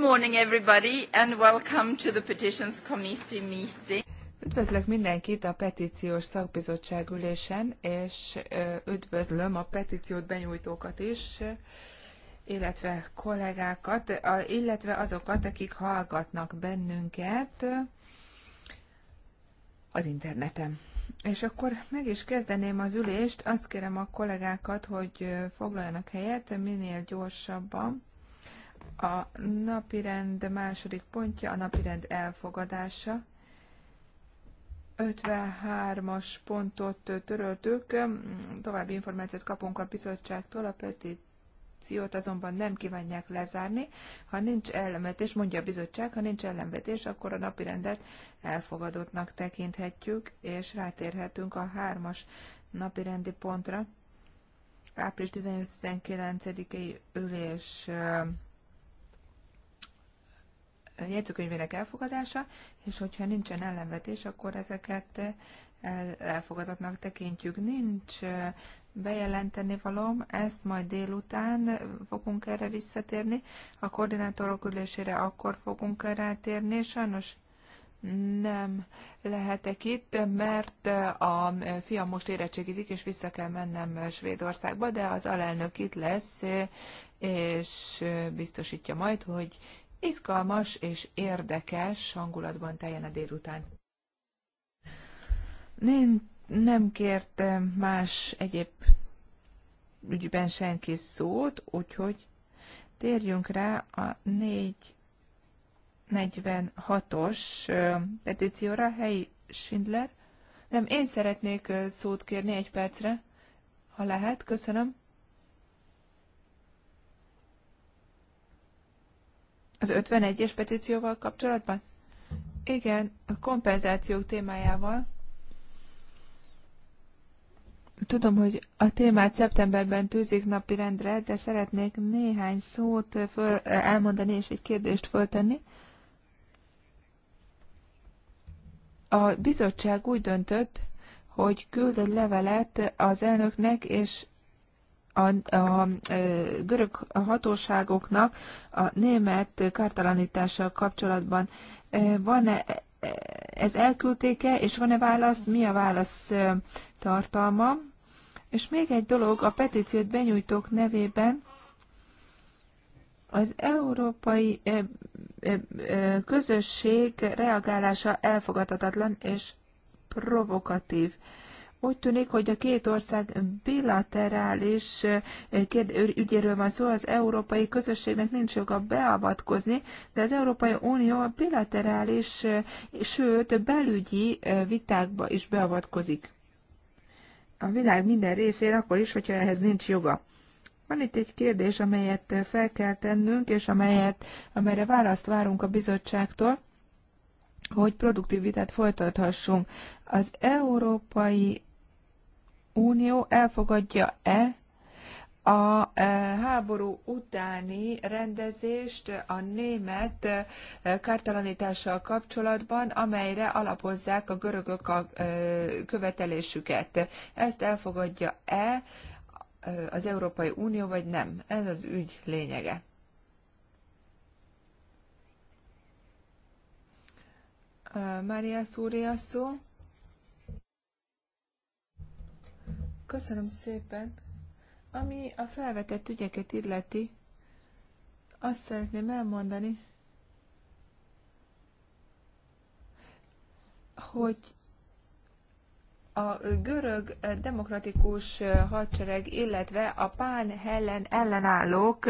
morning everybody and welcome to the Petitions Committee meeting. Üdvözlök mindenkit a petíciós szakbizottság ülésen, és üdvözlöm a petíciót benyújtókat is, illetve kollégákat, illetve azokat, akik hallgatnak bennünket az interneten. És akkor meg is kezdeném az ülést. Azt kérem a kollégákat, hogy foglaljanak helyet minél gyorsabban. A napirend második pontja a napirend elfogadása. 53-as pontot töröltük, további információt kapunk a bizottságtól, a petíciót azonban nem kívánják lezárni. Ha nincs ellenvetés, mondja a bizottság, ha nincs ellenvetés, akkor a napirendet elfogadottnak tekinthetjük, és rátérhetünk a 3-as napirendi pontra. Április 18-19-i ülés jegyzőkönyvének elfogadása, és hogyha nincsen ellenvetés, akkor ezeket elfogadatnak tekintjük. Nincs bejelenteni valom, ezt majd délután fogunk erre visszatérni, a koordinátorok ülésére akkor fogunk rátérni, sajnos nem lehetek itt, mert a fiam most érettségizik, és vissza kell mennem Svédországba, de az alelnök itt lesz, és biztosítja majd, hogy izgalmas és érdekes hangulatban teljen a délután. Én nem kértem más egyéb ügyben senki szót, úgyhogy térjünk rá a 446-os petícióra, helyi Schindler. Nem, én szeretnék szót kérni egy percre, ha lehet, köszönöm. Az 51-es petícióval kapcsolatban? Igen, a kompenzációk témájával. Tudom, hogy a témát szeptemberben tűzik napirendre, de szeretnék néhány szót föl, elmondani és egy kérdést föltenni. A bizottság úgy döntött, hogy küld egy levelet az elnöknek és a, a görög hatóságoknak a német kártalanítással kapcsolatban van-e ez elküldték-e, és van-e válasz, mi a válasz tartalma? És még egy dolog, a petíciót benyújtók nevében az európai közösség reagálása elfogadhatatlan és provokatív. Úgy tűnik, hogy a két ország bilaterális ügyéről van szó, az európai közösségnek nincs joga beavatkozni, de az Európai Unió a bilaterális, sőt belügyi vitákba is beavatkozik. A világ minden részén, akkor is, hogyha ehhez nincs joga. Van itt egy kérdés, amelyet fel kell tennünk, és amelyet, amelyre választ várunk a bizottságtól hogy produktivitát folytathassunk. Az Európai Unió elfogadja-e a e, háború utáni rendezést a német e, kártalanítással kapcsolatban, amelyre alapozzák a görögök a e, követelésüket. Ezt elfogadja-e az Európai Unió, vagy nem? Ez az ügy lényege. Maria Szúria szó. Köszönöm szépen. Ami a felvetett ügyeket illeti, azt szeretném elmondani, hogy a görög demokratikus hadsereg, illetve a pán hellen ellenállók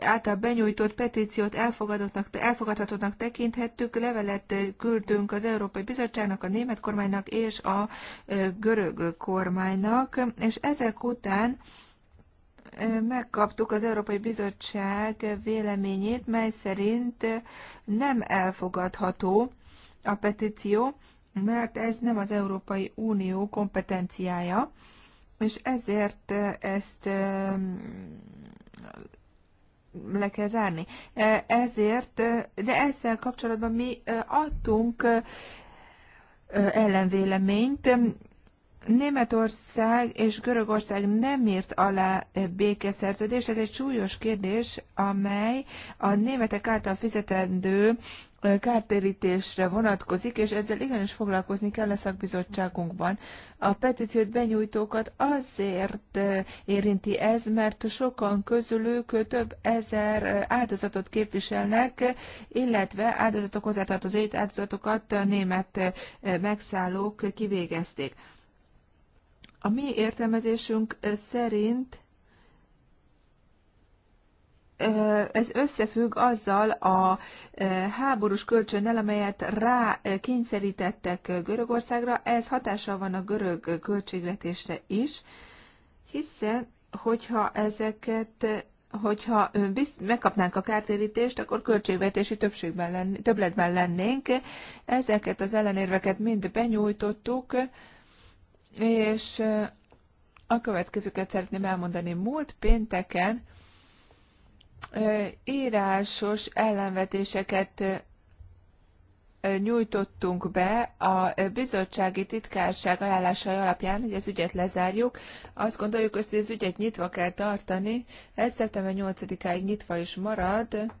által benyújtott petíciót elfogadottnak, elfogadhatónak tekinthettük. Levelet küldtünk az Európai Bizottságnak, a német kormánynak és a görög kormánynak, és ezek után megkaptuk az Európai Bizottság véleményét, mely szerint nem elfogadható a petíció, mert ez nem az Európai Unió kompetenciája, és ezért eh, ezt le kell zárni. Eh, ezért, eh, de ezzel kapcsolatban mi adtunk ellenvéleményt. Németország és Görögország nem írt alá békeszerződést. Ez egy súlyos kérdés, amely a németek által fizetendő kártérítésre vonatkozik, és ezzel igenis foglalkozni kell a szakbizottságunkban. A petíciót benyújtókat azért érinti ez, mert sokan közülük több ezer áldozatot képviselnek, illetve áldozatok hozzátartozóit, áldozatokat a német megszállók kivégezték. A mi értelmezésünk szerint ez összefügg azzal a háborús kölcsönnel, amelyet rá kényszerítettek Görögországra. Ez hatással van a görög költségvetésre is, hiszen hogyha ezeket hogyha megkapnánk a kártérítést, akkor költségvetési többségben lenni, többletben lennénk. Ezeket az ellenérveket mind benyújtottuk, és a következőket szeretném elmondani. Múlt pénteken írásos ellenvetéseket nyújtottunk be a bizottsági titkárság ajánlásai alapján, hogy az ügyet lezárjuk. Azt gondoljuk, hogy az ügyet nyitva kell tartani. Ez szeptember 8-áig nyitva is marad.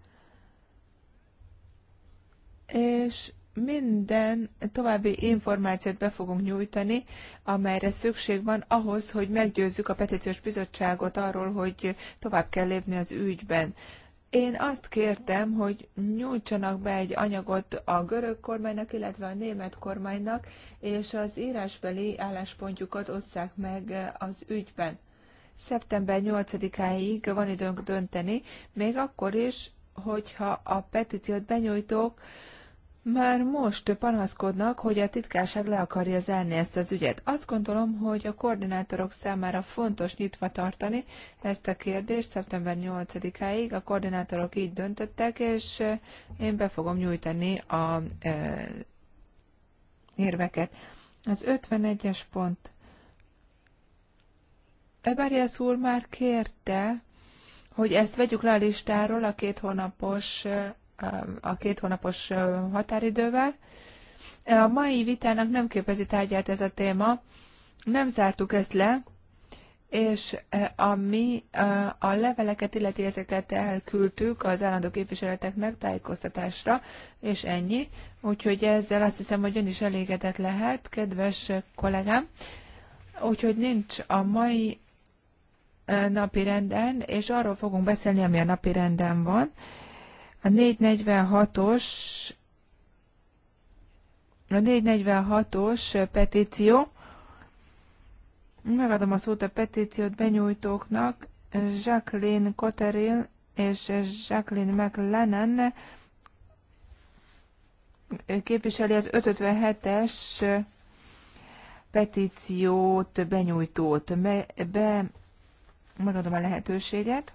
És minden további információt be fogunk nyújtani, amelyre szükség van ahhoz, hogy meggyőzzük a petíciós bizottságot arról, hogy tovább kell lépni az ügyben. Én azt kértem, hogy nyújtsanak be egy anyagot a görög kormánynak, illetve a német kormánynak, és az írásbeli álláspontjukat osszák meg az ügyben. Szeptember 8-áig van időnk dönteni, még akkor is, hogyha a petíciót benyújtók, már most panaszkodnak, hogy a titkárság le akarja zárni ezt az ügyet. Azt gondolom, hogy a koordinátorok számára fontos nyitva tartani ezt a kérdést szeptember 8-áig. A koordinátorok így döntöttek, és eh, én be fogom nyújtani a e, érveket. Az 51-es pont. Eberias úr már kérte, hogy ezt vegyük le a listáról a két hónapos eh, a két hónapos határidővel. A mai vitának nem képezi tárgyát ez a téma, nem zártuk ezt le, és ami a leveleket, illeti ezeket elküldtük az állandó képviseleteknek tájékoztatásra, és ennyi. Úgyhogy ezzel azt hiszem, hogy ön is elégedett lehet, kedves kollégám. Úgyhogy nincs a mai napi renden, és arról fogunk beszélni, ami a napi renden van. A 446-os a 446-os petíció, megadom a szót a petíciót benyújtóknak, Jacqueline Cotteril és Jacqueline McLennan képviseli az 557-es petíciót, benyújtót. Be, be, megadom a lehetőséget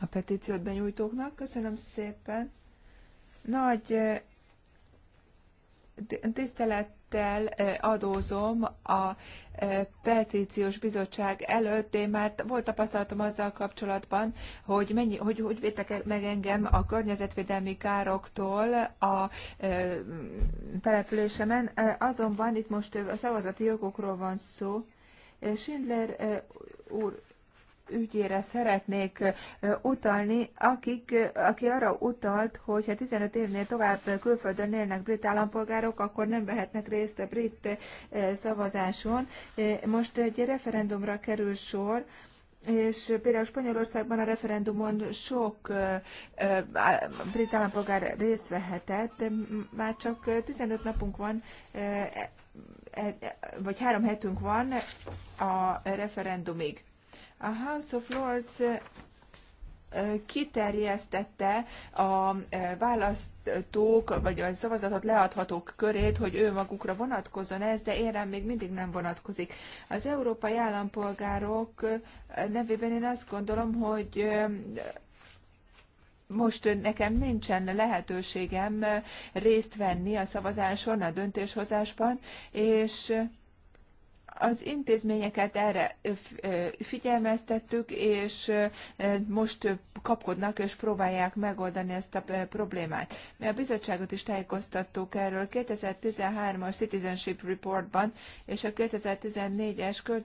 a petíciót benyújtóknak. Köszönöm szépen. Nagy tisztelettel adózom a petíciós bizottság előtt. Én már volt tapasztalatom azzal kapcsolatban, hogy, mennyi, hogy, hogy védtek meg engem a környezetvédelmi károktól a településemen. Azonban itt most a szavazati jogokról van szó. Schindler úr ügyére szeretnék utalni, akik, aki arra utalt, hogy ha 15 évnél tovább külföldön élnek brit állampolgárok, akkor nem vehetnek részt a brit szavazáson. Most egy referendumra kerül sor, és például Spanyolországban a referendumon sok brit állampolgár részt vehetett, már csak 15 napunk van, e, e, vagy három hetünk van a referendumig. A House of Lords kiterjesztette a választók, vagy a szavazatot leadhatók körét, hogy ő magukra vonatkozzon ez, de én rám még mindig nem vonatkozik. Az európai állampolgárok nevében én azt gondolom, hogy most nekem nincsen lehetőségem részt venni a szavazáson, a döntéshozásban, és az intézményeket erre figyelmeztettük, és most kapkodnak és próbálják megoldani ezt a problémát. Mi a bizottságot is tájékoztattuk erről 2013-as Citizenship Reportban és a 2014-es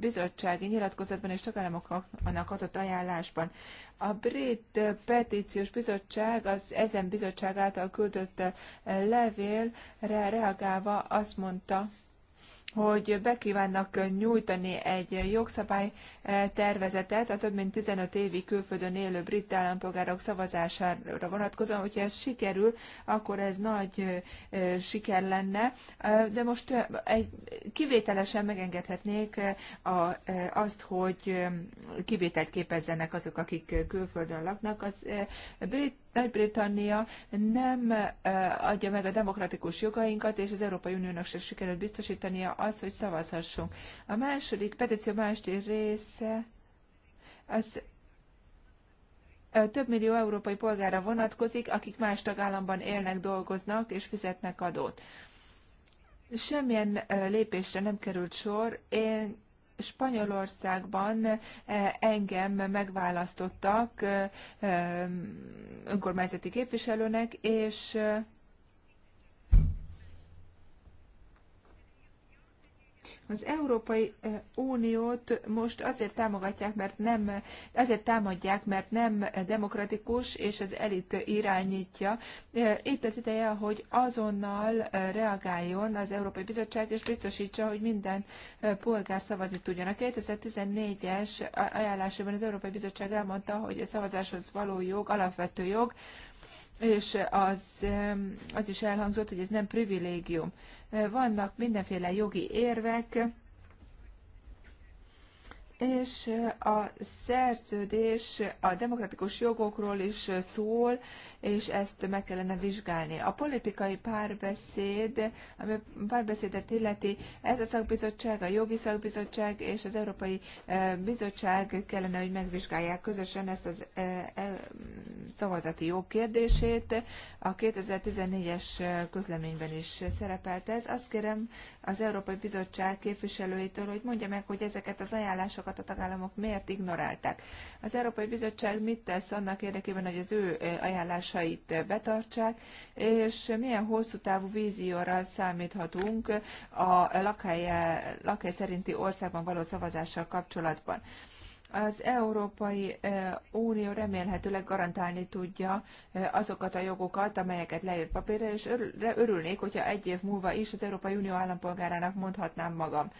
bizottsági nyilatkozatban és tagállamoknak adott ajánlásban. A brit petíciós bizottság az ezen bizottság által küldött levélre reagálva azt mondta, hogy bekívánnak nyújtani egy jogszabálytervezetet eh, a több mint 15 évi külföldön élő brit állampolgárok szavazására vonatkozóan. Hogyha ez sikerül, akkor ez nagy eh, siker lenne, eh, de most egy, kivételesen megengedhetnék azt, hogy kivételt képezzenek azok, akik külföldön laknak. Az brit nagy-Britannia nem eh, adja meg a demokratikus jogainkat, és az Európai Uniónak se sikerült biztosítania az, hogy szavazhassunk. A második petíció második része az eh, több millió európai polgára vonatkozik, akik más tagállamban élnek, dolgoznak és fizetnek adót. Semmilyen eh, lépésre nem került sor. Én Spanyolországban eh, engem megválasztottak eh, eh, önkormányzati képviselőnek, és Az Európai Uniót most azért támogatják, mert nem, azért támadják, mert nem demokratikus, és az elit irányítja. Itt az ideje, hogy azonnal reagáljon az Európai Bizottság, és biztosítsa, hogy minden polgár szavazni tudjon. A 2014-es ajánlásában az Európai Bizottság elmondta, hogy a szavazáshoz való jog alapvető jog, és az, az is elhangzott, hogy ez nem privilégium. Vannak mindenféle jogi érvek, és a szerződés a demokratikus jogokról is szól, és ezt meg kellene vizsgálni. A politikai párbeszéd, ami párbeszédet illeti, ez a szakbizottság, a jogi szakbizottság és az Európai e, Bizottság kellene, hogy megvizsgálják közösen ezt az e, e, szavazati jog kérdését. A 2014-es közleményben is szerepelt ez. Azt kérem az Európai Bizottság képviselőitől, hogy mondja meg, hogy ezeket az ajánlásokat a tagállamok miért ignorálták. Az Európai Bizottság mit tesz annak érdekében, hogy az ő ajánlás prioritásait betartsák, és milyen hosszú távú vízióra számíthatunk a lakhely, lakhely szerinti országban való szavazással kapcsolatban. Az Európai eh, Unió remélhetőleg garantálni tudja eh, azokat a jogokat, amelyeket leír papírra, és örülnék, hogyha egy év múlva is az Európai Unió állampolgárának mondhatnám magam.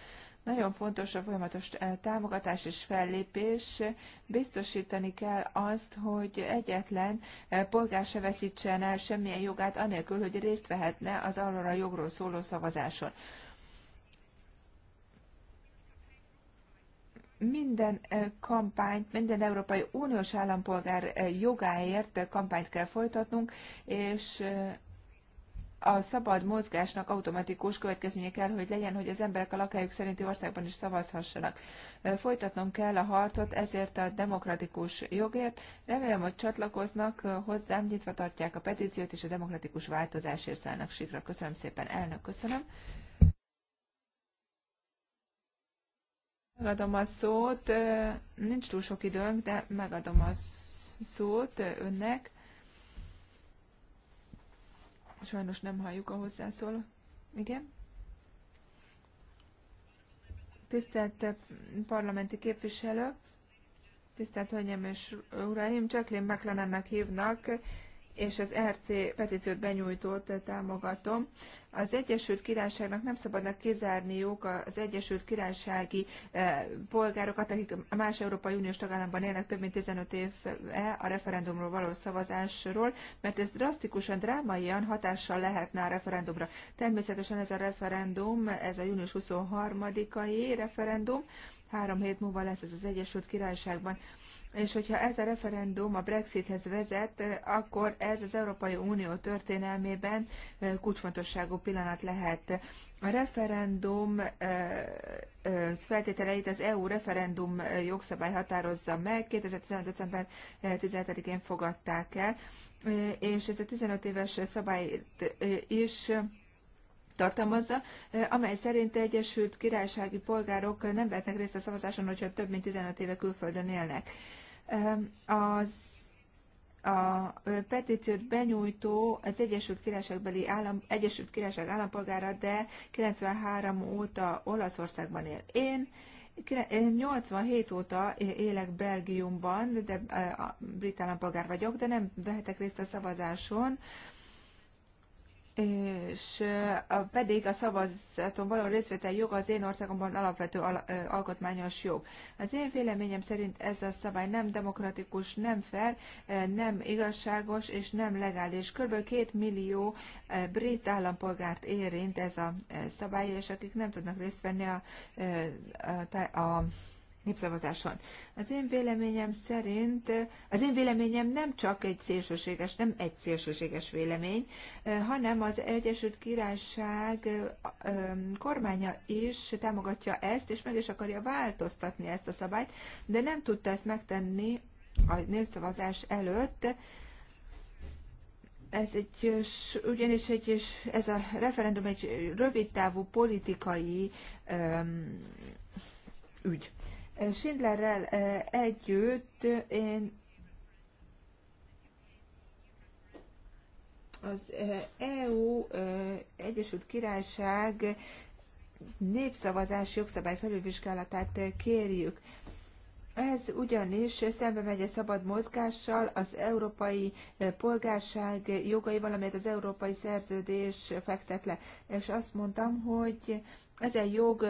Nagyon fontos a folyamatos támogatás és fellépés. Biztosítani kell azt, hogy egyetlen polgár se veszítsen el semmilyen jogát, anélkül, hogy részt vehetne az arról a jogról szóló szavazáson. minden kampányt, minden Európai Uniós állampolgár jogáért kampányt kell folytatnunk, és a szabad mozgásnak automatikus következménye kell, hogy legyen, hogy az emberek a lakájuk szerinti országban is szavazhassanak. Folytatnom kell a harcot ezért a demokratikus jogért. Remélem, hogy csatlakoznak hozzám, nyitva tartják a petíciót, és a demokratikus változásért szállnak sikra. Köszönöm szépen, elnök, köszönöm. Megadom a szót, nincs túl sok időnk, de megadom a szót önnek. Sajnos nem halljuk a hozzászól. Igen? Tisztelt eh, parlamenti képviselő, tisztelt Hölgyeim és Uraim, Jacqueline McLennan-nak hívnak, és az RC petíciót benyújtott támogatom. Az Egyesült Királyságnak nem szabadnak kizárniuk az Egyesült Királysági eh, polgárokat, akik a más Európai Uniós tagállamban élnek több mint 15 évre a referendumról való szavazásról, mert ez drasztikusan, drámaian hatással lehetne a referendumra. Természetesen ez a referendum, ez a június 23-ai referendum, három hét múlva lesz ez az Egyesült Királyságban és hogyha ez a referendum a Brexithez vezet, akkor ez az Európai Unió történelmében kulcsfontosságú pillanat lehet. A referendum feltételeit az EU referendum jogszabály határozza meg, 2015. december 17-én fogadták el, és ez a 15 éves szabályt is tartalmazza, amely szerint Egyesült Királysági polgárok nem vehetnek részt a szavazáson, hogyha több mint 15 éve külföldön élnek. Az a petíciót benyújtó az Egyesült Királyságbeli állam, Egyesült Királyság állampolgára, de 93 óta Olaszországban él. Én 87 óta élek Belgiumban, de brit állampolgár vagyok, de nem vehetek részt a szavazáson és a, pedig a szavazaton való részvétel joga az én országomban alapvető al, alkotmányos jog. Az én véleményem szerint ez a szabály nem demokratikus, nem fel, nem igazságos és nem legális. Körülbelül két millió brit állampolgárt érint ez a szabály, és akik nem tudnak részt venni a, a, a, a népszavazáson. Az én véleményem szerint, az én véleményem nem csak egy szélsőséges, nem egy szélsőséges vélemény, eh, hanem az Egyesült Királyság eh, eh, kormánya is támogatja ezt, és meg is akarja változtatni ezt a szabályt, de nem tudta ezt megtenni a népszavazás előtt, ez egy, ugyanis egy, ez a referendum egy rövidtávú politikai öm, ügy. Schindlerrel eh, együtt én az EU eh, e eh, Egyesült Királyság népszavazás jogszabály felülvizsgálatát kérjük. Ez ugyanis szembe megy a szabad mozgással, az európai polgárság jogai valamelyet az európai szerződés fektet le. És azt mondtam, hogy ezen jog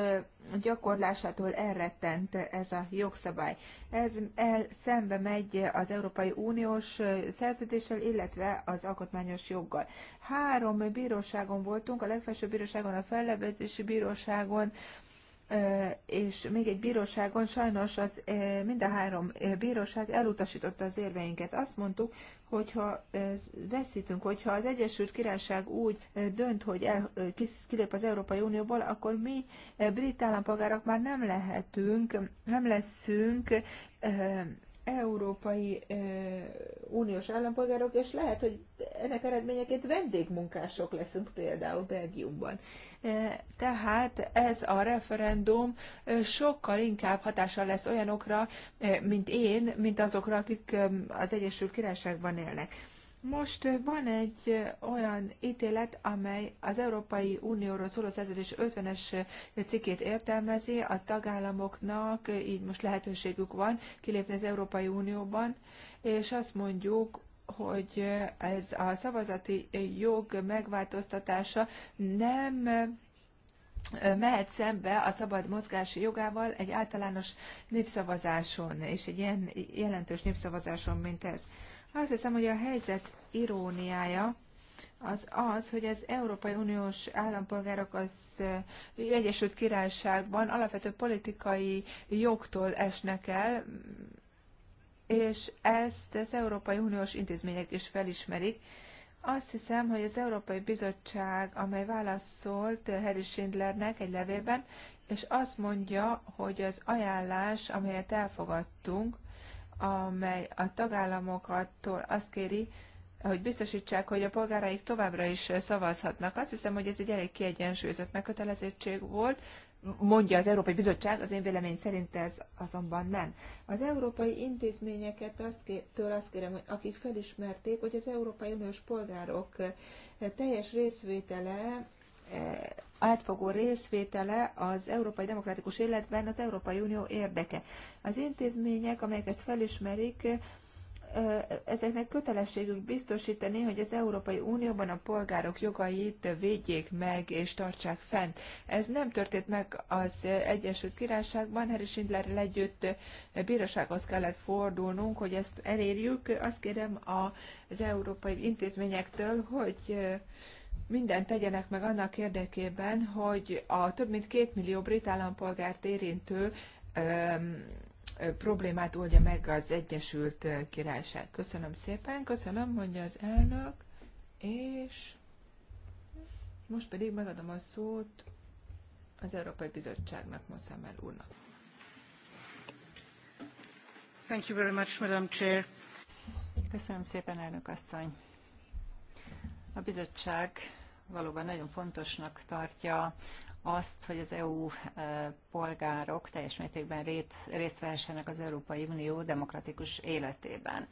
gyakorlásától elrettent ez a jogszabály. Ez el szembe megy az Európai Uniós szerződéssel, illetve az alkotmányos joggal. Három bíróságon voltunk, a legfelsőbb bíróságon, a fellebezési bíróságon, és még egy bíróságon sajnos az, mind a három bíróság elutasította az érveinket. Azt mondtuk, hogyha veszítünk, hogyha az Egyesült Királyság úgy dönt, hogy el, kilép az Európai Unióból, akkor mi brit állampolgárok már nem lehetünk, nem leszünk európai uniós állampolgárok, és lehet, hogy ennek eredményeként vendégmunkások leszünk például Belgiumban. Tehát ez a referendum sokkal inkább hatással lesz olyanokra, mint én, mint azokra, akik az Egyesült Királyságban élnek. Most van egy olyan ítélet, amely az Európai Unióról szóló szerződés 50-es cikkét értelmezi, a tagállamoknak így most lehetőségük van kilépni az Európai Unióban, és azt mondjuk, hogy ez a szavazati jog megváltoztatása nem mehet szembe a szabad mozgási jogával egy általános népszavazáson, és egy ilyen jelentős népszavazáson, mint ez. Azt hiszem, hogy a helyzet iróniája az az, hogy az Európai Uniós állampolgárok az Egyesült Királyságban alapvető politikai jogtól esnek el, és ezt az Európai Uniós intézmények is felismerik. Azt hiszem, hogy az Európai Bizottság, amely válaszolt Harry Schindlernek egy levélben, és azt mondja, hogy az ajánlás, amelyet elfogadtunk, amely a tagállamoktól azt kéri, hogy biztosítsák, hogy a polgáraik továbbra is szavazhatnak. Azt hiszem, hogy ez egy elég kiegyensúlyozott megkötelezettség volt, mondja az Európai Bizottság, az én vélemény szerint ez azonban nem. Az európai intézményeket azt kér, től azt kérem, hogy akik felismerték, hogy az Európai Uniós polgárok teljes részvétele eh, átfogó részvétele az európai demokratikus életben az Európai Unió érdeke. Az intézmények, amelyek ezt felismerik, ezeknek kötelességük biztosítani, hogy az Európai Unióban a polgárok jogait védjék meg és tartsák fent. Ez nem történt meg az Egyesült Királyságban, Harry Schindlerrel együtt bírósághoz kellett fordulnunk, hogy ezt elérjük. Azt kérem az európai intézményektől, hogy mindent tegyenek meg annak érdekében, hogy a több mint két millió brit állampolgárt érintő öm, problémát oldja meg az Egyesült Királyság. Köszönöm szépen, köszönöm, mondja az elnök, és most pedig megadom a szót az Európai Bizottságnak, Mosszamel úrnak. Thank you very much, Madam Chair. Köszönöm szépen, elnök asszony. A bizottság valóban nagyon fontosnak tartja azt, hogy az EU eh, polgárok teljes mértékben részt vehessenek az Európai Unió demokratikus életében.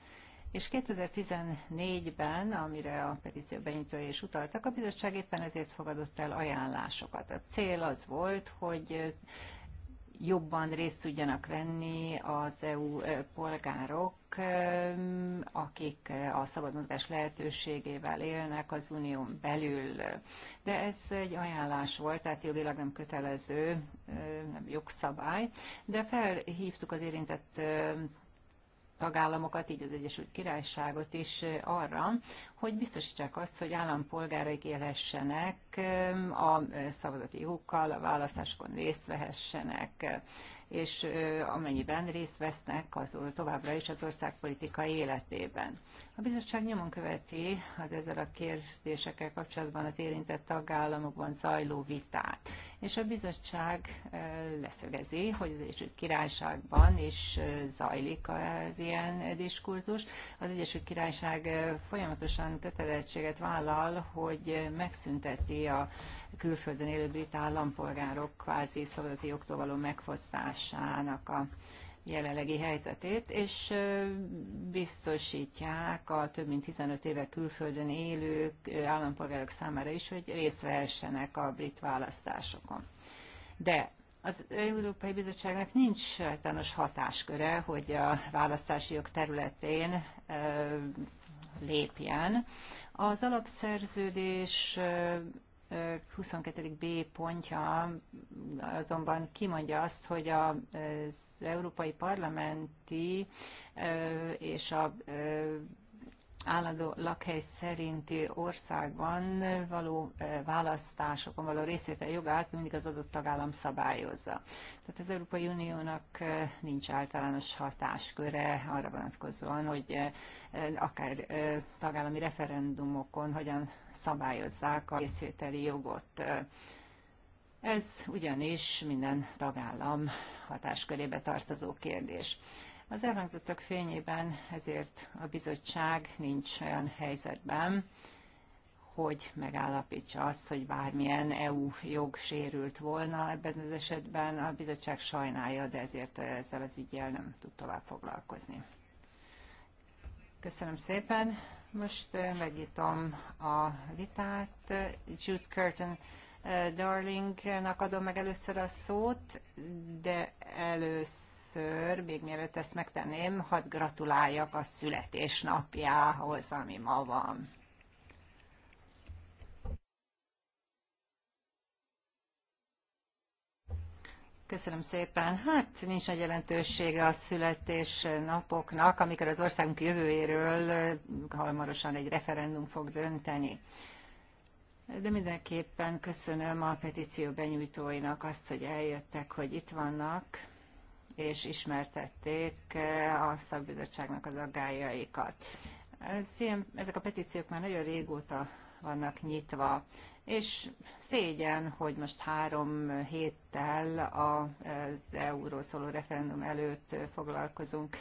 És 2014-ben, amire a petíció benyújtója is utaltak, a bizottság éppen ezért fogadott el ajánlásokat. A cél az volt, hogy jobban részt tudjanak venni az EU e, polgárok, e, akik a szabad mozgás lehetőségével élnek az unión belül. De ez egy ajánlás volt, tehát jogilag nem kötelező, e, nem jogszabály, de felhívtuk az érintett tagállamokat, így az Egyesült Királyságot is arra, hogy biztosítsák azt, hogy állampolgáraik élhessenek a szavazati jogukkal, a választásokon részt vehessenek, és amennyiben részt vesznek az továbbra is az ország politikai életében. A bizottság nyomon követi az ezzel a kérdésekkel kapcsolatban az érintett tagállamokban zajló vitát, és a bizottság leszögezi, hogy az Egyesült Királyságban is zajlik az ilyen diskurzus. Az Egyesült Királyság folyamatosan kötelezettséget vállal, hogy megszünteti a külföldön élő brit állampolgárok kvázi szabadati jogtól való megfosztásának a jelenlegi helyzetét, és biztosítják a több mint 15 éve külföldön élő állampolgárok számára is, hogy részt vehessenek a brit választásokon. De az Európai Bizottságnak nincs sajtános hatásköre, hogy a választási jog területén lépjen. Az alapszerződés 22. B pontja azonban kimondja azt, hogy az Európai Parlamenti és a állandó lakhely szerinti országban való eh, választásokon való részvétel jogát mindig az adott tagállam szabályozza. Tehát az Európai Uniónak eh, nincs általános hatásköre arra vonatkozóan, hogy eh, akár tagállami referendumokon hogyan szabályozzák a részvételi jogot. Ez ugyanis minden tagállam hatáskörébe tartozó kérdés. Az elhangzottak fényében ezért a bizottság nincs olyan helyzetben, hogy megállapítsa azt, hogy bármilyen EU jog sérült volna ebben az esetben. A bizottság sajnálja, de ezért ezzel az ügyjel nem tud tovább foglalkozni. Köszönöm szépen. Most eh, megnyitom a vitát. Jude Curtin eh, Darlingnak adom meg először a szót, de először először, még mielőtt ezt megtenném, hadd gratuláljak a születésnapjához, ami ma van. Köszönöm szépen. Hát nincs nagy jelentősége a születésnapoknak, amikor az országunk jövőjéről hamarosan egy referendum fog dönteni. De mindenképpen köszönöm a petíció benyújtóinak azt, hogy eljöttek, hogy itt vannak és ismertették eh, a szakbizottságnak az aggájaikat. ezek a petíciók már nagyon régóta vannak nyitva, és szégyen, hogy most három héttel eh, az euróról szóló referendum előtt foglalkozunk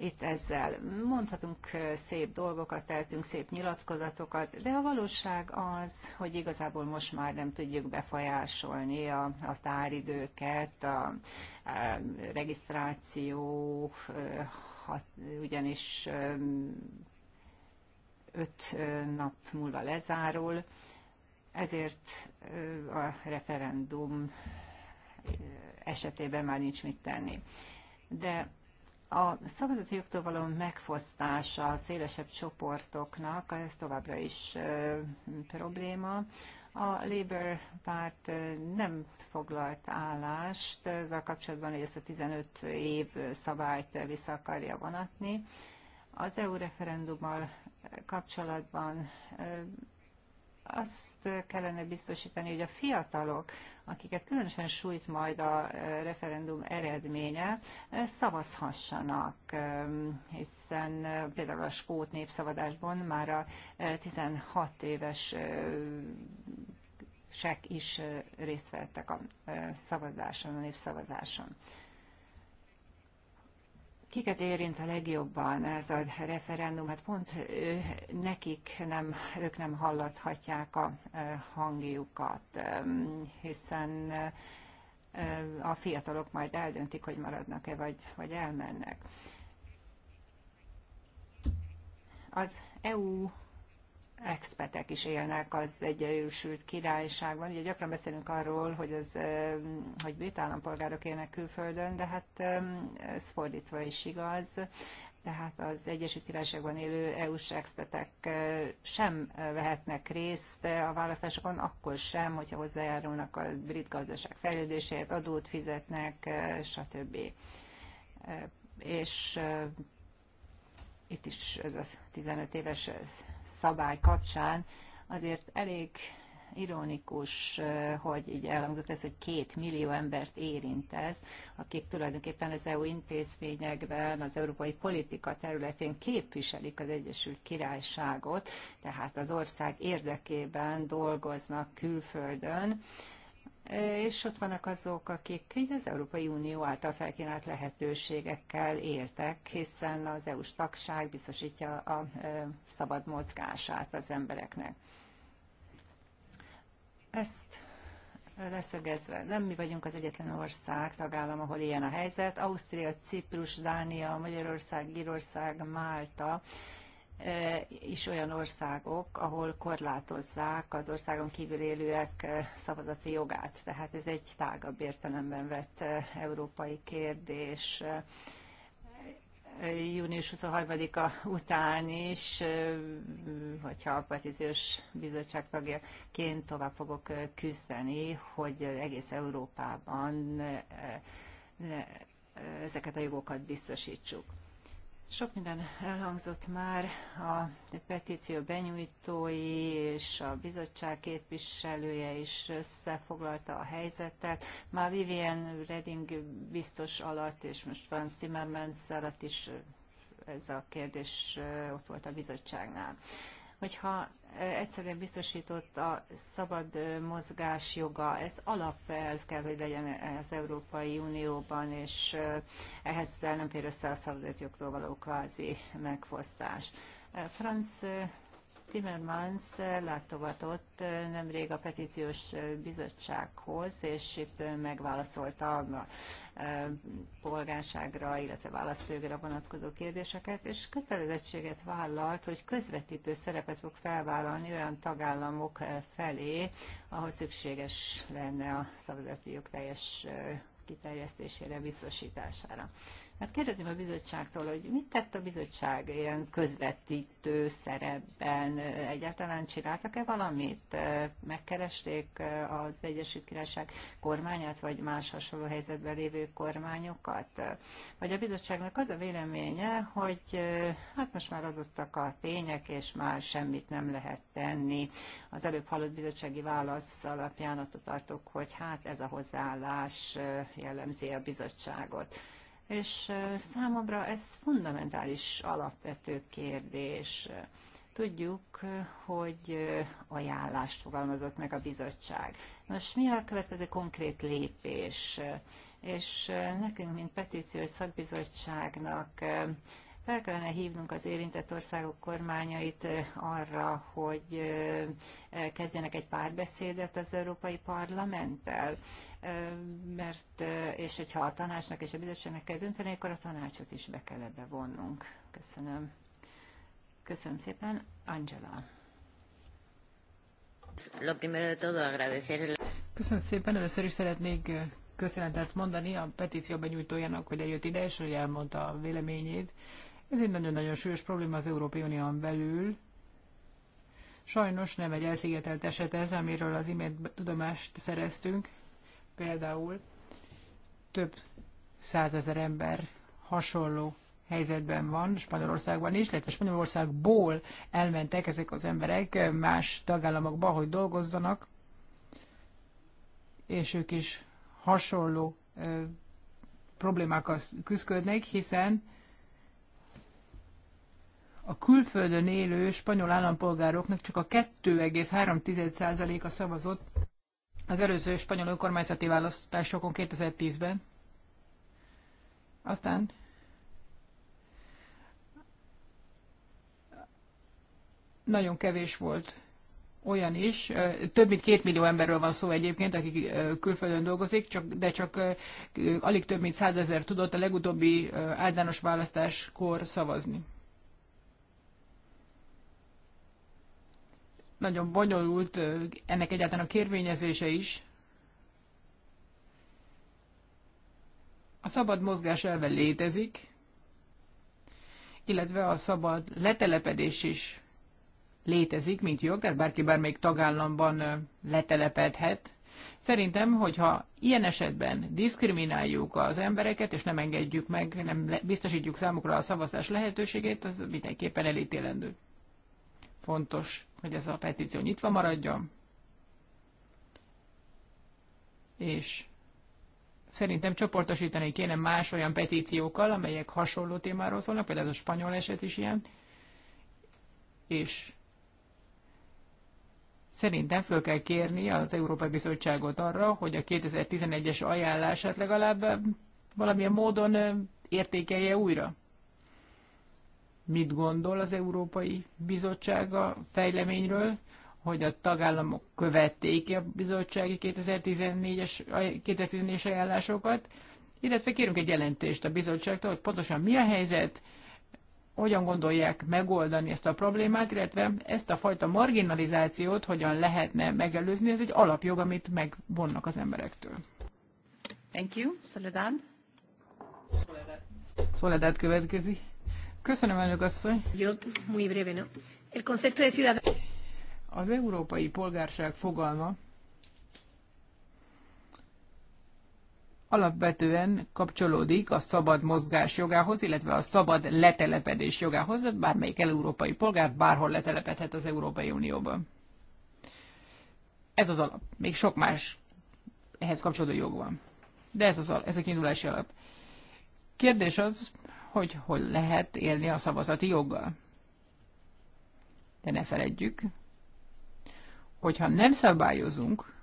itt ezzel. Mondhatunk szép dolgokat, tehetünk szép nyilatkozatokat, de a valóság az, hogy igazából most már nem tudjuk befolyásolni a, a táridőket, a, a regisztráció, ha, ugyanis öt nap múlva lezárul, ezért a referendum esetében már nincs mit tenni. De a szavazati jogtól való megfosztása a szélesebb csoportoknak, ez továbbra is probléma. A Labour párt nem foglalt állást ezzel kapcsolatban, hogy ezt a 15 év szabályt vissza akarja vonatni. Az EU referendummal kapcsolatban azt kellene biztosítani, hogy a fiatalok, akiket különösen sújt majd a referendum eredménye, szavazhassanak, hiszen például a skót népszavadásban már a 16 éves sek is részt vettek a szavazáson, a népszavazáson. Kiket érint a legjobban ez a referendum? Hát pont ő, nekik nem, ők nem hallathatják a hangjukat, hiszen a fiatalok majd eldöntik, hogy maradnak-e, vagy, vagy elmennek. Az EU expetek is élnek az Egyesült Királyságban. Ugye gyakran beszélünk arról, hogy, az, hogy brit állampolgárok élnek külföldön, de hát ez fordítva is igaz. Tehát az Egyesült Királyságban élő EU-s expetek sem vehetnek részt a választásokon, akkor sem, hogyha hozzájárulnak a brit gazdaság fejlődéséhez, adót fizetnek, stb. És itt is ez a 15 éves szabály kapcsán azért elég ironikus, hogy így elhangzott ez, hogy két millió embert érint ez, akik tulajdonképpen az EU intézményekben, az európai politika területén képviselik az Egyesült Királyságot, tehát az ország érdekében dolgoznak külföldön, és ott vannak azok, akik így az Európai Unió által felkínált lehetőségekkel éltek, hiszen az EU-s tagság biztosítja a szabad mozgását az embereknek. Ezt leszögezve, nem mi vagyunk az egyetlen ország, tagállam, ahol ilyen a helyzet. Ausztria, Ciprus, Dánia, Magyarország, Írország, Málta E, is olyan országok, ahol korlátozzák az országon kívül élőek e, szavazati jogát. Tehát ez egy tágabb értelemben vett e, európai kérdés június 23-a után is, hogyha a petíciós bizottság tagjaként tovább fogok küzdeni, hogy egész Európában ezeket a jogokat biztosítsuk. Sok minden elhangzott már a petíció benyújtói és a bizottság képviselője is összefoglalta a helyzetet. Már Vivian Reding biztos alatt, és most Franz Zimmermann alatt is ez a kérdés ott volt a bizottságnál hogyha egyszerűen biztosított a szabad mozgás joga. Ez alapelv kell, hogy legyen az Európai Unióban, és ehhez nem fér össze a szabadjogtól való kvázi megfosztás. Franz Timmermans látogatott nemrég a petíciós bizottsághoz, és itt megválaszolta a polgárságra, illetve választőjogra vonatkozó kérdéseket, és kötelezettséget vállalt, hogy közvetítő szerepet fog felvállalni olyan tagállamok felé, ahol szükséges lenne a szavazati jog teljes kiterjesztésére, biztosítására. Mert hát kérdezem a bizottságtól, hogy mit tett a bizottság ilyen közvetítő szerepben? Egyáltalán csináltak-e valamit? Megkeresték az Egyesült Királyság kormányát, vagy más hasonló helyzetben lévő kormányokat? Vagy a bizottságnak az a véleménye, hogy hát most már adottak a tények, és már semmit nem lehet tenni. Az előbb hallott bizottsági válasz alapján attól tartok, hogy hát ez a hozzáállás jellemzi a bizottságot és számomra ez fundamentális, alapvető kérdés. Tudjuk, hogy ajánlást fogalmazott meg a bizottság. Most mi a következő konkrét lépés? És nekünk, mint petíciós szakbizottságnak fel kellene hívnunk az érintett országok kormányait eh, arra, hogy eh, eh, kezdjenek egy párbeszédet az Európai Parlamenttel, mert, és hogyha a tanácsnak és a bizottságnak kell dönteni, akkor a tanácsot is be kell ebbe vonnunk. Köszönöm. Köszönöm szépen. Angela. Köszönöm szépen. Először is szeretnék köszönetet mondani a petíció benyújtójának, hogy eljött ide, és hogy elmondta a véleményét. Ez egy nagyon-nagyon súlyos probléma az Európai Unión belül. Sajnos nem egy elszigetelt eset ez, amiről az imént tudomást szereztünk. Például több százezer ember hasonló helyzetben van, Spanyolországban is, illetve Spanyolországból elmentek ezek az emberek más tagállamokba, hogy dolgozzanak, és ők is hasonló ö, problémákkal küzdködnek, hiszen a külföldön élő spanyol állampolgároknak csak a 2,3%-a szavazott az előző spanyol önkormányzati választásokon 2010-ben. Aztán nagyon kevés volt olyan is, több mint két millió emberről van szó egyébként, akik külföldön dolgozik, csak, de csak alig több mint százezer tudott a legutóbbi általános választáskor szavazni. nagyon bonyolult ennek egyáltalán a kérvényezése is. A szabad mozgás elve létezik, illetve a szabad letelepedés is létezik, mint jog, tehát bárki bármelyik tagállamban letelepedhet. Szerintem, hogyha ilyen esetben diszkrimináljuk az embereket, és nem engedjük meg, nem biztosítjuk számukra a szavazás lehetőségét, az mindenképpen elítélendő. Fontos hogy ez a petíció nyitva maradjon, és szerintem csoportosítani kéne más olyan petíciókkal, amelyek hasonló témáról szólnak, például a spanyol eset is ilyen, és szerintem föl kell kérni az Európai Bizottságot arra, hogy a 2011-es ajánlását legalább eh, valamilyen módon eh, értékelje újra mit gondol az Európai Bizottság a fejleményről, hogy a tagállamok követték a bizottsági 2014-es 2014 ajánlásokat, illetve kérünk egy jelentést a bizottságtól, hogy pontosan mi a helyzet, hogyan gondolják megoldani ezt a problémát, illetve ezt a fajta marginalizációt hogyan lehetne megelőzni, ez egy alapjog, amit megvonnak az emberektől. Thank you. Soledad. Soledad, Soledad következik. Köszönöm, elnök asszony. Muy breve, no? El concepto de ciudad... Az európai polgárság fogalma alapvetően kapcsolódik a szabad mozgás jogához, illetve a szabad letelepedés jogához, bármelyik európai polgár bárhol letelepedhet az Európai Unióban. Ez az alap. Még sok más ehhez kapcsolódó jog van. De ez, az alap, ez a kiindulási alap. Kérdés az, hogy hol lehet élni a szavazati joggal. De ne feledjük, hogyha nem szabályozunk,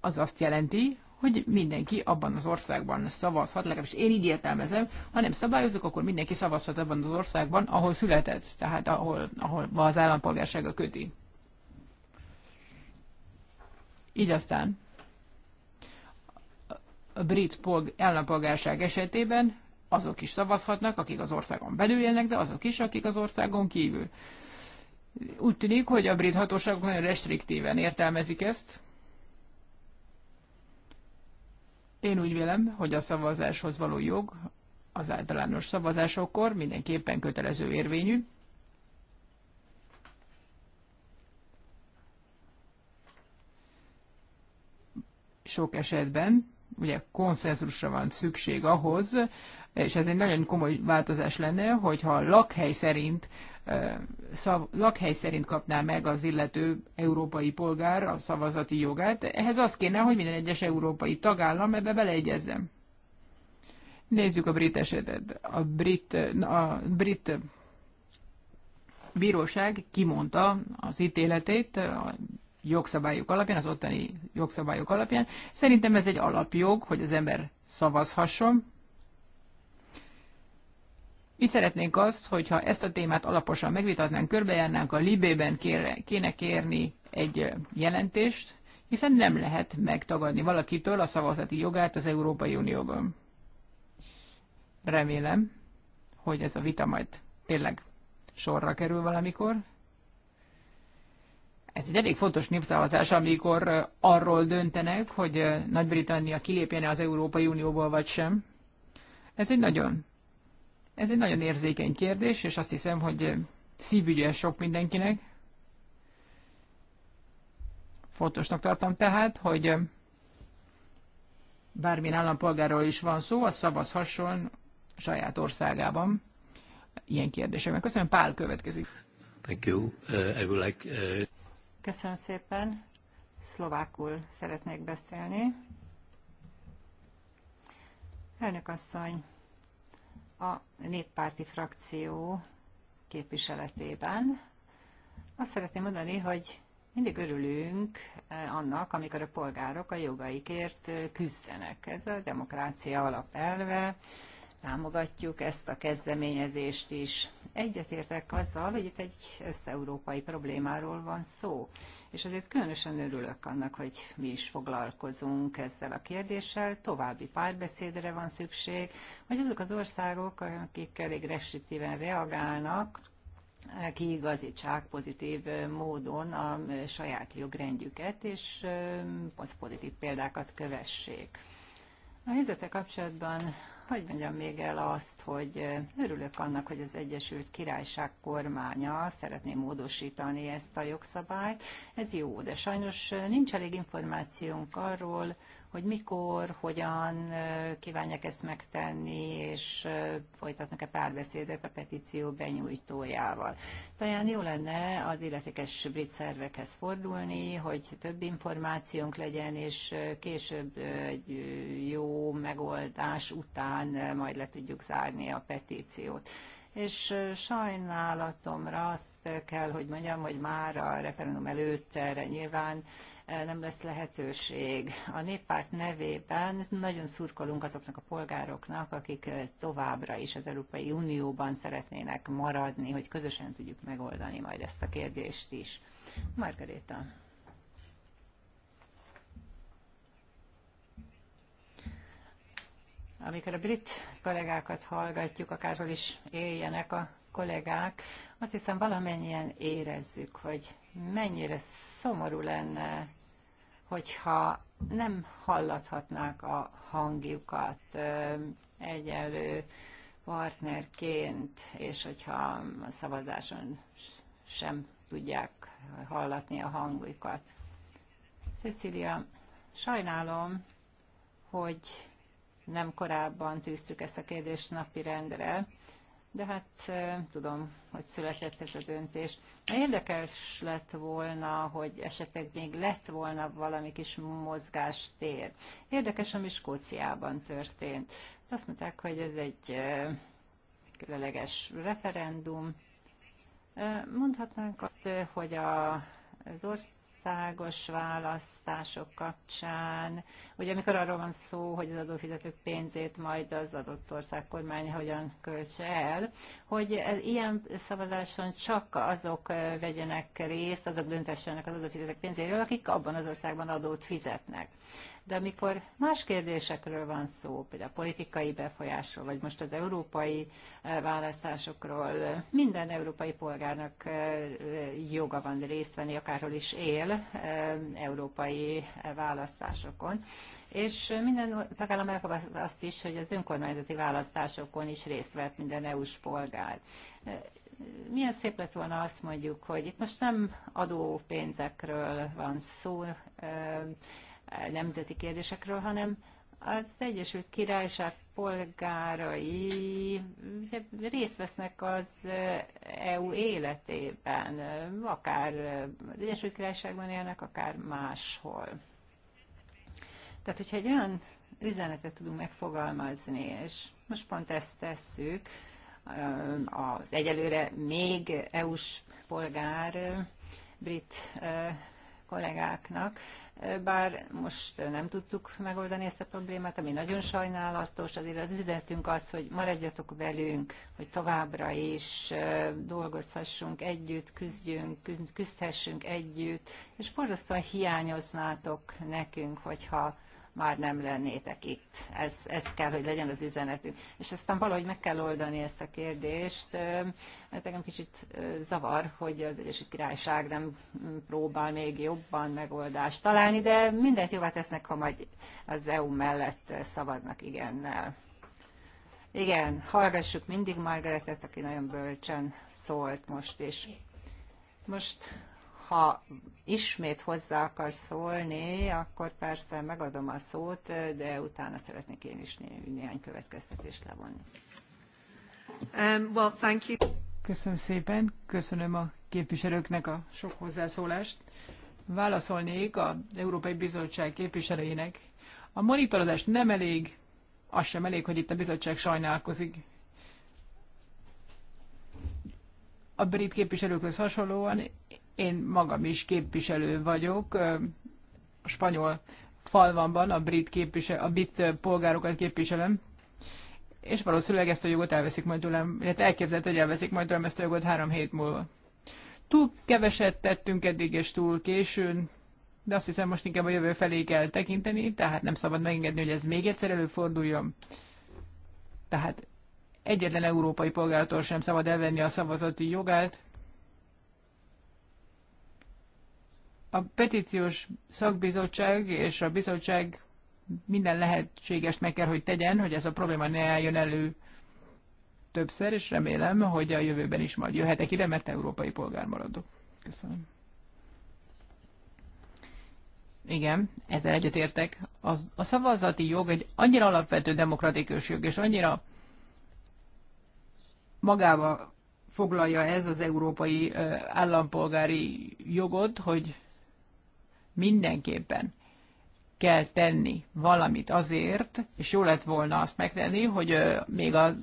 az azt jelenti, hogy mindenki abban az országban szavazhat, legalábbis én így értelmezem, ha nem szabályozok, akkor mindenki szavazhat abban az országban, ahol született, tehát ahol, ahol az állampolgársága köti. Így aztán a brit polg, állampolgárság esetében azok is szavazhatnak, akik az országon belül élnek, de azok is, akik az országon kívül. Úgy tűnik, hogy a brit hatóságok nagyon restriktíven értelmezik ezt. Én úgy vélem, hogy a szavazáshoz való jog az általános szavazásokkor mindenképpen kötelező érvényű, sok esetben ugye konszenzusra van szükség ahhoz, és ez egy nagyon komoly változás lenne, hogyha lakhely szerint szav, lakhely szerint kapná meg az illető európai polgár a szavazati jogát. Ehhez az kéne, hogy minden egyes európai tagállam ebbe beleegyezzen. Nézzük a brit esetet. A brit, a brit bíróság kimondta az ítéletét a jogszabályok alapján, az ottani jogszabályok alapján. Szerintem ez egy alapjog, hogy az ember szavazhasson. Mi szeretnénk azt, hogyha ezt a témát alaposan megvitatnánk, körbejárnánk, a Libében kéne kérni egy jelentést, hiszen nem lehet megtagadni valakitől a szavazati jogát az Európai Unióban. Remélem, hogy ez a vita majd tényleg sorra kerül valamikor, ez egy elég fontos népszavazás, amikor arról döntenek, hogy Nagy-Britannia kilépjene az Európai Unióból vagy sem. Ez egy nagyon, ez egy nagyon érzékeny kérdés, és azt hiszem, hogy szívügyes sok mindenkinek. Fontosnak tartom tehát, hogy bármilyen állampolgáról is van szó, az szavazhasson saját országában ilyen kérdésekben. Köszönöm, Pál következik. Thank you. Uh, I would like, uh... Köszönöm szépen. Szlovákul szeretnék beszélni. Elnök asszony, a néppárti frakció képviseletében azt szeretném mondani, hogy mindig örülünk e, annak, amikor a polgárok a jogaikért e, küzdenek. Ez a demokrácia alapelve, támogatjuk ezt a kezdeményezést is. Egyetértek azzal, hogy itt egy összeurópai problémáról van szó, és azért különösen örülök annak, hogy mi is foglalkozunk ezzel a kérdéssel. További párbeszédre van szükség, hogy azok az országok, akik elég restriktíven reagálnak, kiigazítsák pozitív módon a saját jogrendjüket, és pozitív példákat kövessék. A helyzete kapcsolatban hogy mondjam még el azt, hogy örülök annak, hogy az Egyesült Királyság kormánya szeretné módosítani ezt a jogszabályt. Ez jó, de sajnos nincs elég információnk arról, hogy mikor, hogyan kívánják ezt megtenni, és folytatnak-e párbeszédet a petíció benyújtójával. Talán jó lenne az illetékes brit szervekhez fordulni, hogy több információnk legyen, és később egy jó megoldás után majd le tudjuk zárni a petíciót és sajnálatomra azt kell, hogy mondjam, hogy már a referendum előtt erre nyilván nem lesz lehetőség. A néppárt nevében nagyon szurkolunk azoknak a polgároknak, akik eh, továbbra is az Európai Unióban szeretnének maradni, hogy közösen tudjuk megoldani majd ezt a kérdést is. Margaréta. Amikor a brit kollégákat hallgatjuk, akárhol is éljenek a kollégák, azt hiszem valamennyien érezzük, hogy mennyire szomorú lenne hogyha nem hallathatnák a hangjukat egyelő partnerként, és hogyha a szavazáson sem tudják hallatni a hangjukat. Cecilia, sajnálom, hogy nem korábban tűztük ezt a kérdést napirendre, de hát tudom, hogy született ez a döntés. Érdekes lett volna, hogy esetleg még lett volna valami kis mozgástér. Érdekes, ami Skóciában történt. Azt mondták, hogy ez egy különleges referendum. Mondhatnánk azt, hogy a, az ország országos választások kapcsán, hogy amikor arról van szó, hogy az adófizetők pénzét majd az adott ország kormánya hogyan költse el, hogy ilyen szavazáson csak azok vegyenek részt, azok döntessenek az adófizetők pénzéről, akik abban az országban adót fizetnek de amikor más kérdésekről van szó, például a politikai befolyásról, vagy most az európai eh, választásokról, minden európai polgárnak eh, joga van részt venni, akárhol is él, eh, európai választásokon és minden tagállam elfogadta azt is, hogy az önkormányzati választásokon is részt vett minden EU-s polgár. Milyen szép lett volna azt mondjuk, hogy itt most nem adópénzekről van szó, nemzeti kérdésekről, hanem az Egyesült Királyság polgárai részt vesznek az EU életében, akár az Egyesült Királyságban élnek, akár máshol. Tehát, hogyha egy olyan üzenetet tudunk megfogalmazni, és most pont ezt tesszük, az egyelőre még EU-s polgár, brit kollégáknak, bár most nem tudtuk megoldani ezt a problémát, ami nagyon sajnálatos, azért az üzletünk az, hogy maradjatok velünk, hogy továbbra is dolgozhassunk együtt, küzdjünk, küzdhessünk együtt, és borzasztóan hiányoznátok nekünk, hogyha már nem lennétek itt. Ez, ez kell, hogy legyen az üzenetünk. És aztán valahogy meg kell oldani ezt a kérdést. Mert nekem kicsit zavar, hogy az Egyesült Királyság nem próbál még jobban megoldást találni, de mindent jóvá tesznek, ha majd az EU mellett szavaznak igennel. Igen, hallgassuk mindig Margaretet, aki nagyon bölcsen szólt most is. Most ha ismét hozzá akar szólni, akkor persze megadom a szót, de utána szeretnék én is né- néhány következtetést levonni. Um, well, thank you. Köszönöm szépen, köszönöm a képviselőknek a sok hozzászólást. Válaszolnék az Európai Bizottság képviselőinek. A monitorozás nem elég, az sem elég, hogy itt a bizottság sajnálkozik. A brit képviselőkhöz hasonlóan én magam is képviselő vagyok, a spanyol falvamban a brit, képvisel, a brit polgárokat képviselem, és valószínűleg ezt a jogot elveszik majd tőlem, illetve elképzelhető, hogy elveszik majd tőlem ezt a jogot három hét múlva. Túl keveset tettünk eddig, és túl későn, de azt hiszem most inkább a jövő felé kell tekinteni, tehát nem szabad megengedni, hogy ez még egyszer előforduljon. Tehát egyetlen európai polgártól sem szabad elvenni a szavazati jogát, A petíciós szakbizottság és a bizottság minden lehetséges meg kell, hogy tegyen, hogy ez a probléma ne álljon elő többször, és remélem, hogy a jövőben is majd jöhetek ide, mert európai polgár maradok. Köszönöm. Igen, ezzel egyetértek. Az, a szavazati jog egy annyira alapvető demokratikus jog, és annyira magába foglalja ez az európai állampolgári jogot, hogy mindenképpen kell tenni valamit azért, és jó lett volna azt megtenni, hogy még a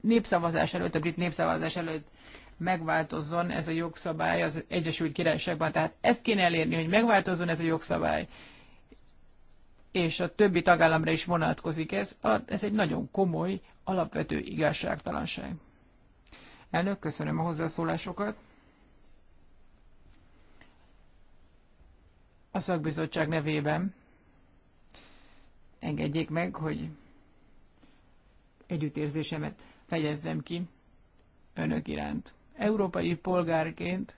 népszavazás előtt, a brit népszavazás előtt megváltozzon ez a jogszabály az Egyesült Királyságban. Tehát ezt kéne elérni, hogy megváltozzon ez a jogszabály, és a többi tagállamra is vonatkozik ez. Ez egy nagyon komoly, alapvető igazságtalanság. Elnök, köszönöm a hozzászólásokat. a szakbizottság nevében engedjék meg, hogy együttérzésemet fejezzem ki önök iránt. Európai polgárként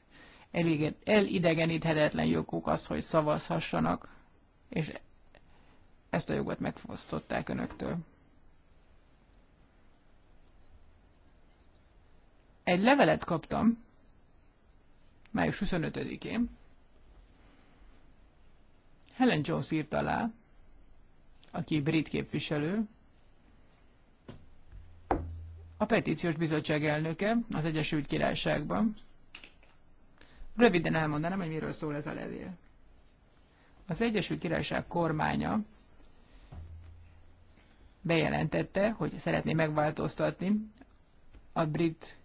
elidegeníthetetlen joguk az, hogy szavazhassanak, és ezt a jogot megfosztották önöktől. Egy levelet kaptam május 25-én, Helen Jones írt alá, aki brit képviselő, a petíciós bizottság elnöke az Egyesült Királyságban. Röviden elmondanám, hogy miről szól ez a levél. Az Egyesült Királyság kormánya bejelentette, hogy szeretné megváltoztatni a brit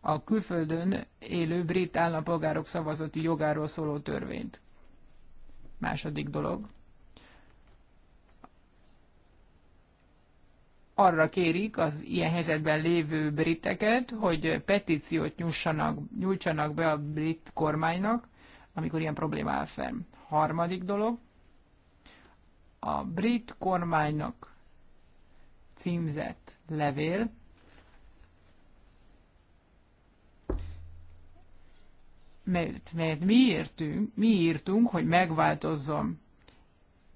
a külföldön élő brit állampolgárok szavazati jogáról szóló törvényt. Második dolog. Arra kérik az ilyen helyzetben lévő briteket, hogy petíciót nyújtsanak, nyújtsanak be a brit kormánynak, amikor ilyen probléma áll fel. Harmadik dolog. A brit kormánynak címzett levél mert, mert mi, írtünk, mi írtunk, hogy megváltozzon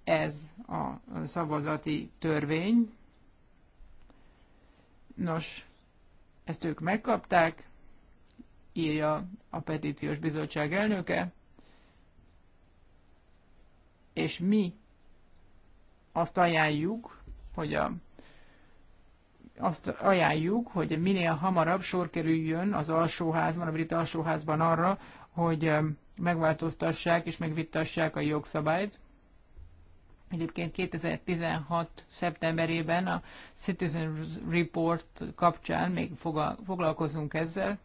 ez a szavazati törvény. Nos, ezt ők megkapták, írja a petíciós bizottság elnöke, és mi azt ajánljuk, hogy a azt ajánljuk, hogy minél hamarabb sor kerüljön az alsóházban, a brit alsóházban arra, hogy megváltoztassák és megvittassák a jogszabályt. Egyébként 2016. szeptemberében a Citizen Report kapcsán még foglalkozunk ezzel,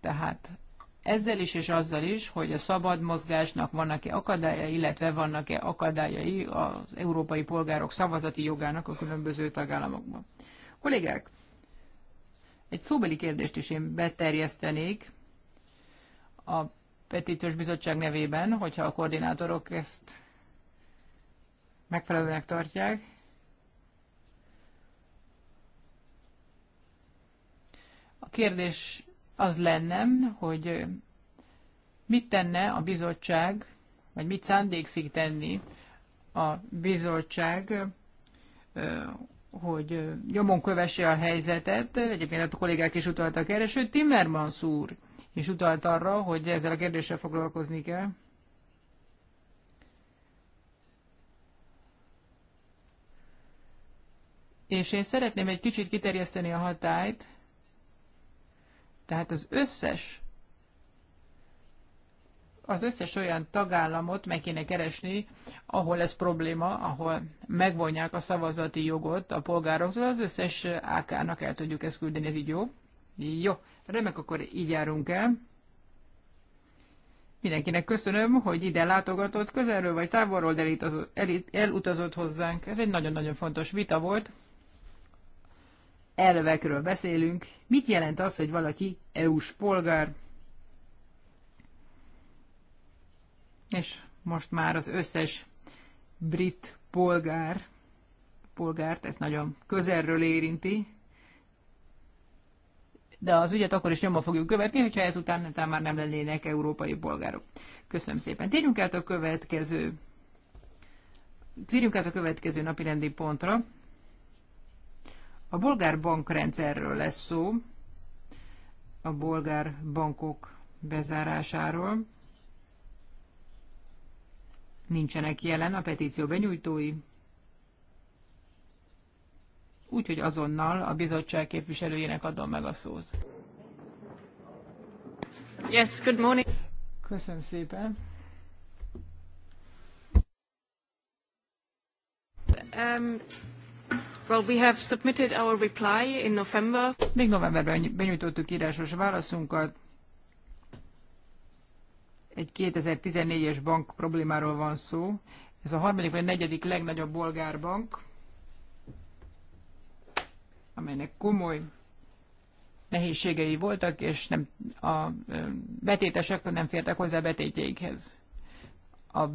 tehát ezzel is és azzal is, hogy a szabad mozgásnak vannak-e akadályai, illetve vannak-e akadályai az európai polgárok szavazati jogának a különböző tagállamokban. Kollégák, egy szóbeli kérdést is én beterjesztenék a Petíciós Bizottság nevében, hogyha a koordinátorok ezt megfelelőnek tartják. A kérdés az lenne, hogy mit tenne a bizottság, vagy mit szándékszik tenni a bizottság, hogy nyomon kövesse a helyzetet. Egyébként a kollégák is utaltak erre, sőt Timmermans úr is utalt arra, hogy ezzel a kérdéssel foglalkozni kell. És én szeretném egy kicsit kiterjeszteni a hatályt, tehát az összes az összes olyan tagállamot meg kéne keresni, ahol ez probléma, ahol megvonják a szavazati jogot a polgároktól, az összes AK-nak el tudjuk ezt küldeni, ez így jó. Jó, remek, akkor így járunk el. Mindenkinek köszönöm, hogy ide látogatott, közelről vagy távolról de elutazott hozzánk. Ez egy nagyon-nagyon fontos vita volt elvekről beszélünk. Mit jelent az, hogy valaki EU-s polgár? És most már az összes brit polgár, polgárt ez nagyon közelről érinti, de az ügyet akkor is nyomba fogjuk követni, hogyha ezután nem már nem lennének európai polgárok. Köszönöm szépen. Térjünk át a következő Térjünk át a következő napi rendi pontra. A bolgár bankrendszerről lesz szó, a bolgár bankok bezárásáról. Nincsenek jelen a petíció benyújtói, úgyhogy azonnal a bizottság képviselőjének adom meg a szót. Yes, good morning. Köszönöm szépen. Um, Well, we have submitted our reply in November. Még novemberben benyújtottuk írásos válaszunkat. Egy 2014-es bank problémáról van szó. Ez a harmadik vagy negyedik legnagyobb bolgár bank, amelynek komoly nehézségei voltak, és nem, a betétesek nem fértek hozzá betétjeikhez. Az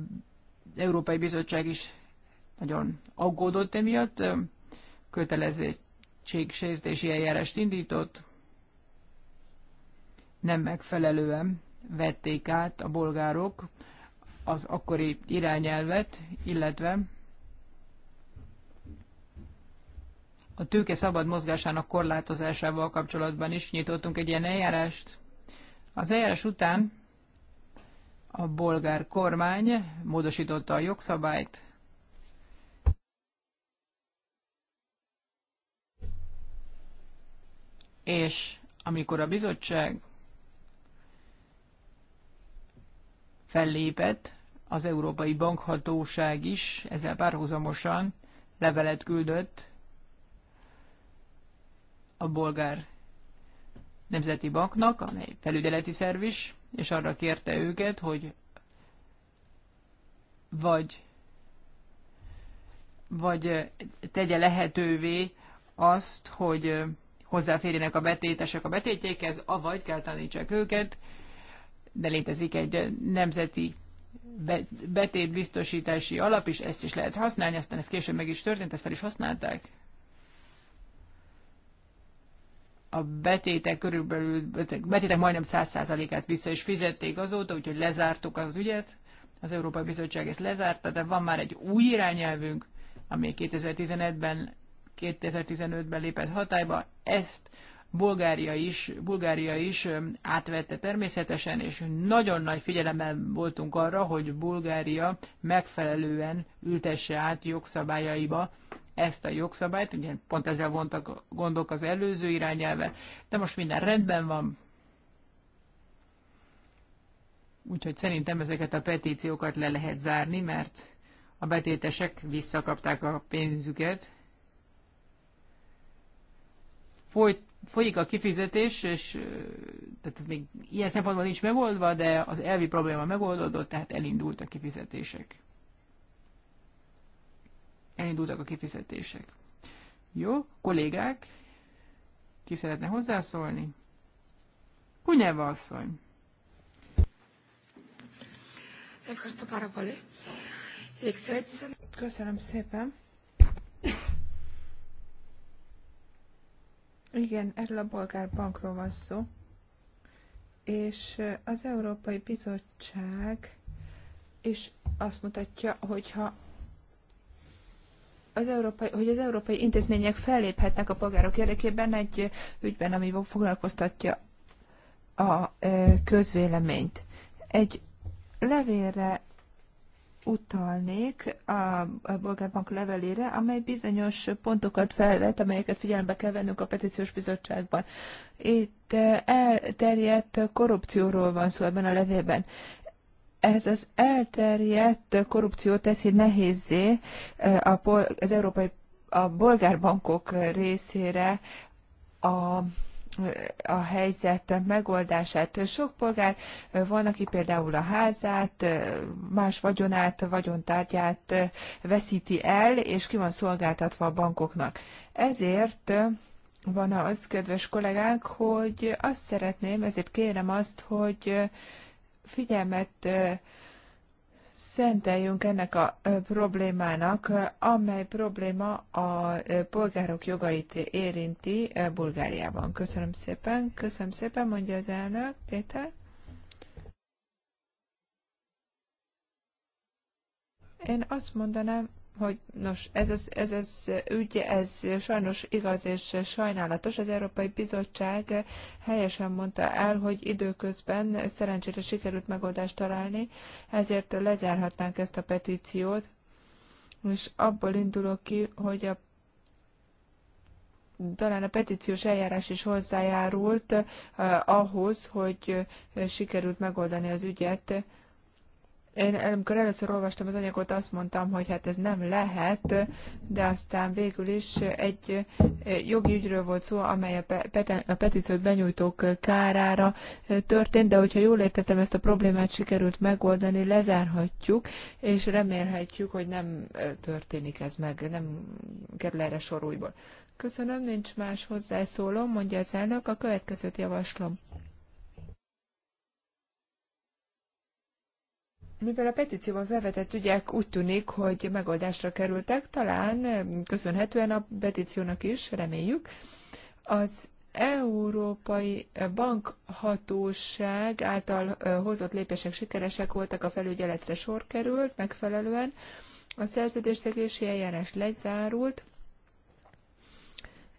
Európai Bizottság is nagyon aggódott emiatt kötelezettségsértési eljárást indított, nem megfelelően vették át a bolgárok az akkori irányelvet, illetve a tőke szabad mozgásának korlátozásával kapcsolatban is nyitottunk egy ilyen eljárást. Az eljárás után a bolgár kormány módosította a jogszabályt, és amikor a bizottság fellépett, az Európai Bankhatóság is ezzel párhuzamosan levelet küldött a bolgár Nemzeti Banknak, amely felügyeleti szerv is, és arra kérte őket, hogy vagy, vagy tegye lehetővé azt, hogy hozzáférjenek a betétesek a betétjékhez, avagy kell tanítsák őket, de létezik egy nemzeti betétbiztosítási alap is, ezt is lehet használni, aztán ez később meg is történt, ezt fel is használták. A betétek körülbelül, betétek majdnem 100%-át vissza is fizették azóta, úgyhogy lezártuk az ügyet, az Európai Bizottság ezt lezárta, de van már egy új irányelvünk, ami 2015-ben 2015-ben lépett hatályba, ezt Bulgária is, Bulgária is átvette természetesen, és nagyon nagy figyelemmel voltunk arra, hogy Bulgária megfelelően ültesse át jogszabályaiba ezt a jogszabályt, ugye pont ezzel vontak gondok az előző irányelve, de most minden rendben van, úgyhogy szerintem ezeket a petíciókat le lehet zárni, mert a betétesek visszakapták a pénzüket, folyt, folyik a kifizetés, és tehát ez még ilyen szempontból nincs megoldva, de az elvi probléma megoldódott, tehát elindult a kifizetések. Elindultak a kifizetések. Jó, kollégák, ki szeretne hozzászólni? Kunyeva asszony. Köszönöm szépen. Igen, erről a bolgár bankról van szó, és az Európai Bizottság is azt mutatja, hogyha az európai, hogy az európai intézmények felléphetnek a polgárok érdekében egy ügyben, ami foglalkoztatja a közvéleményt. Egy levélre utalnék a, a Bolgárbank levelére, amely bizonyos pontokat felvet, amelyeket figyelembe kell vennünk a petíciós bizottságban. Itt eh, elterjedt korrupcióról van szó ebben a levélben. Ez az elterjedt korrupció teszi nehézé eh, a, az európai a bolgárbankok részére a a helyzet megoldását. Sok polgár van, aki például a házát, más vagyonát, vagyontárgyát veszíti el, és ki van szolgáltatva a bankoknak. Ezért van az, kedves kollégánk, hogy azt szeretném, ezért kérem azt, hogy figyelmet szenteljünk ennek a problémának, amely probléma a polgárok jogait érinti Bulgáriában. Köszönöm szépen, köszönöm szépen, mondja az elnök, Péter. Én azt mondanám, hogy nos, ez az, ez az ügy, ez sajnos igaz és sajnálatos. Az Európai Bizottság helyesen mondta el, hogy időközben szerencsére sikerült megoldást találni, ezért lezárhatnánk ezt a petíciót, és abból indulok ki, hogy a talán a petíciós eljárás is hozzájárult eh, ahhoz, hogy eh, sikerült megoldani az ügyet én amikor először olvastam az anyagot, azt mondtam, hogy hát ez nem lehet, de aztán végül is egy eh, jogi ügyről volt szó, amely a petíciót benyújtók kárára eh, történt, de hogyha jól értettem, ezt a problémát sikerült megoldani, lezárhatjuk, és remélhetjük, hogy nem eh, történik ez meg, nem kerül erre sor újból. Köszönöm, nincs más hozzászólom, mondja az elnök, a következőt javaslom. Mivel a petícióban felvetett ügyek úgy tűnik, hogy megoldásra kerültek, talán eh, köszönhetően a petíciónak is, reméljük, az Európai Bankhatóság által eh, hozott lépések sikeresek voltak, a felügyeletre sor került megfelelően, a szerződésszegési eljárás lezárult,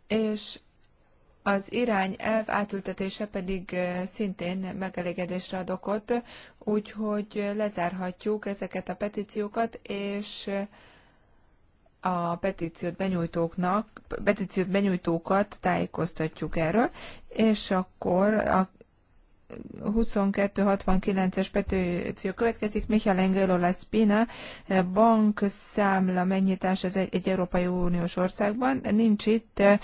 és az irány elv átültetése pedig szintén megelégedésre ad okot, úgyhogy lezárhatjuk ezeket a petíciókat, és a petíciót benyújtóknak, petíciót benyújtókat tájékoztatjuk erről, és akkor a 2269-es petőció következik. Michael Engelo La Spina, bankszámla megnyitás az egy, egy Európai Uniós országban. Nincs itt eh,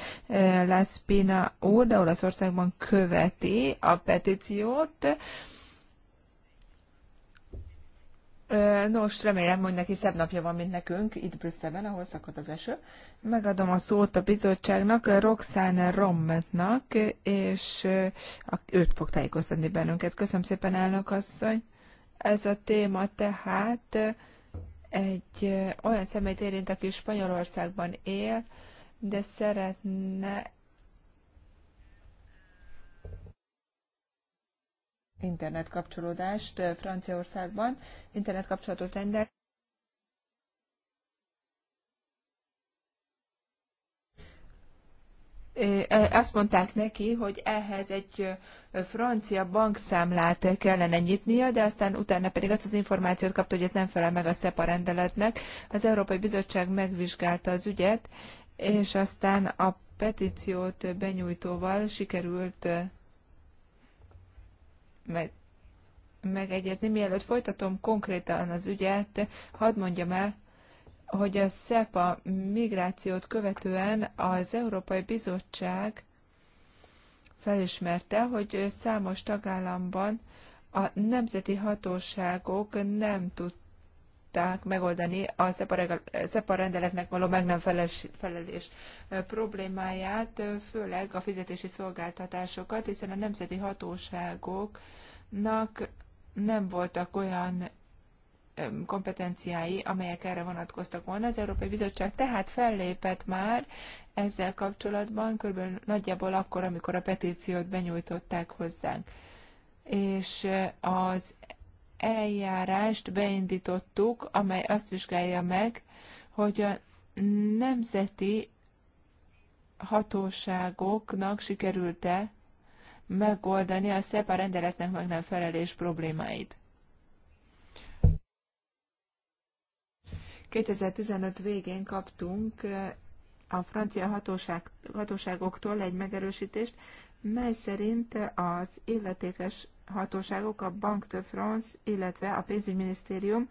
La Spina úr, de Olaszországban követi a petíciót. Nos, remélem, hogy neki szebb napja van, mint nekünk, itt Brüsszelben, ahol szakad az eső. Megadom a szót a bizottságnak, Roxane Rommetnak, és őt fog tájékoztatni bennünket. Köszönöm szépen, elnök asszony. Ez a téma tehát egy olyan szemét érint, aki Spanyolországban él, de szeretne Internetkapcsolódást Franciaországban, internetkapcsolatot rendel. Azt mondták neki, hogy ehhez egy francia bankszámlát kellene nyitnia, de aztán utána pedig azt az információt kapta, hogy ez nem felel meg a SEPA rendeletnek. Az Európai Bizottság megvizsgálta az ügyet, és aztán a petíciót benyújtóval sikerült meg, megegyezni. Mielőtt folytatom konkrétan az ügyet, hadd mondjam el, hogy a SEPA migrációt követően az Európai Bizottság felismerte, hogy számos tagállamban a nemzeti hatóságok nem tud, tudták megoldani a SEPA rendeletnek való meg nem felelés problémáját, főleg a fizetési szolgáltatásokat, hiszen a nemzeti hatóságoknak nem voltak olyan kompetenciái, amelyek erre vonatkoztak volna. Az Európai Bizottság tehát fellépett már ezzel kapcsolatban, körülbelül nagyjából akkor, amikor a petíciót benyújtották hozzánk. És az eljárást beindítottuk, amely azt vizsgálja meg, hogy a nemzeti hatóságoknak sikerült-e megoldani a SZEPA rendeletnek meg nem felelés problémáit. 2015 végén kaptunk eh, a francia hatóság, hatóságoktól egy megerősítést, mely szerint az illetékes hatóságok, a Bank de France, illetve a pénzügyminisztérium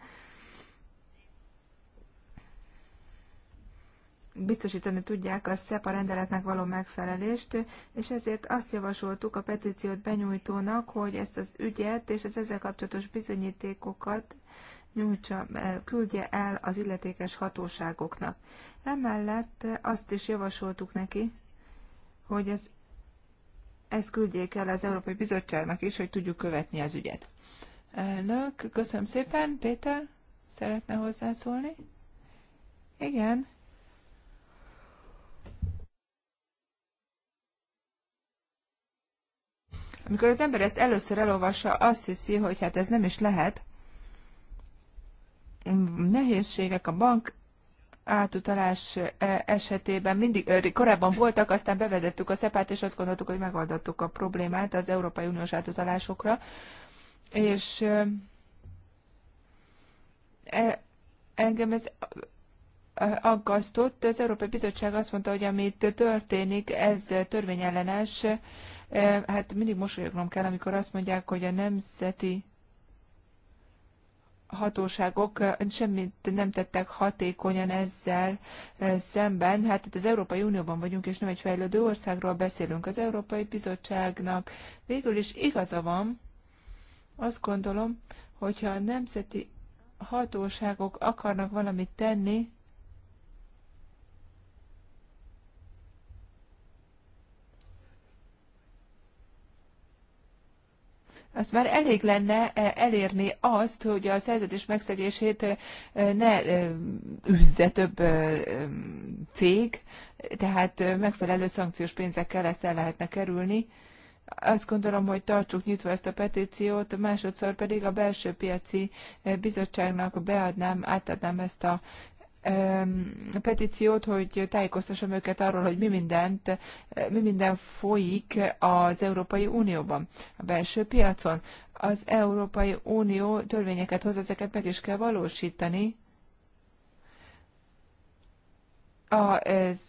biztosítani tudják a SZEPA rendeletnek való megfelelést, és ezért azt javasoltuk a petíciót benyújtónak, hogy ezt az ügyet és az ezzel kapcsolatos bizonyítékokat nyújtsa, eh, küldje el az illetékes hatóságoknak. Emellett azt is javasoltuk neki, hogy az ezt küldjék el az Európai Bizottságnak is, hogy tudjuk követni az ügyet. Elnök, köszönöm szépen. Péter, szeretne hozzászólni? Igen. Amikor az ember ezt először elolvassa, azt hiszi, hogy hát ez nem is lehet. Nehézségek a bank átutalás e, esetében mindig korábban voltak, aztán bevezettük a szepát, és azt gondoltuk, hogy megoldottuk a problémát az Európai Uniós átutalásokra. És e, engem ez aggasztott. Az Európai Bizottság azt mondta, hogy amit történik, ez törvényellenes. E, hát mindig mosolyognom kell, amikor azt mondják, hogy a nemzeti hatóságok eh, semmit nem tettek hatékonyan ezzel eh, szemben. Hát itt az Európai Unióban vagyunk, és nem egy fejlődő országról beszélünk. Az Európai Bizottságnak végül is igaza van, azt gondolom, hogyha a nemzeti hatóságok akarnak valamit tenni, az már elég lenne eh, elérni azt, hogy a szerződés megszegését eh, ne eh, üzze több cég, tehát megfelelő szankciós pénzekkel ezt el lehetne kerülni. Azt gondolom, hogy tartsuk nyitva ezt a petíciót, másodszor pedig a belső piaci bizottságnak beadnám, átadnám ezt a petíciót, hogy tájékoztassam őket arról, hogy mi, mindent, mi minden folyik az Európai Unióban, a belső piacon. Az Európai Unió törvényeket hoz, ezeket meg is kell valósítani. A ez,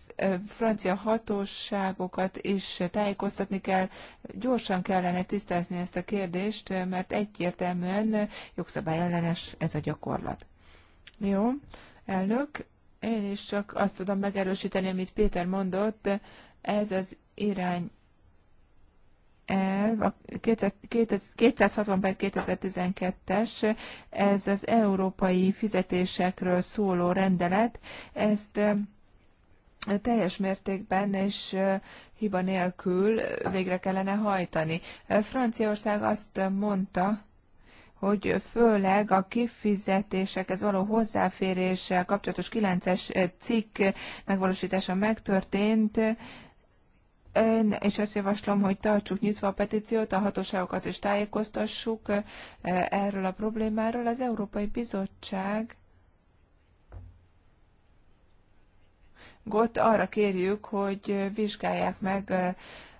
francia hatóságokat is tájékoztatni kell, gyorsan kellene tisztázni ezt a kérdést, mert egyértelműen jogszabályellenes ez a gyakorlat. Jó, Elnök, én is csak azt tudom megerősíteni, amit Péter mondott, ez az irány elv, a 260 per 2012-es, ez az európai fizetésekről szóló rendelet, ezt teljes mértékben és hiba nélkül végre kellene hajtani. Franciaország azt mondta, hogy főleg a kifizetésekhez való hozzáféréssel kapcsolatos 9-es eh, cikk megvalósítása megtörtént, én, és azt javaslom, hogy tartsuk nyitva a petíciót, a hatóságokat is tájékoztassuk eh, erről a problémáról. Az Európai Bizottság Gott arra kérjük, hogy vizsgálják meg eh,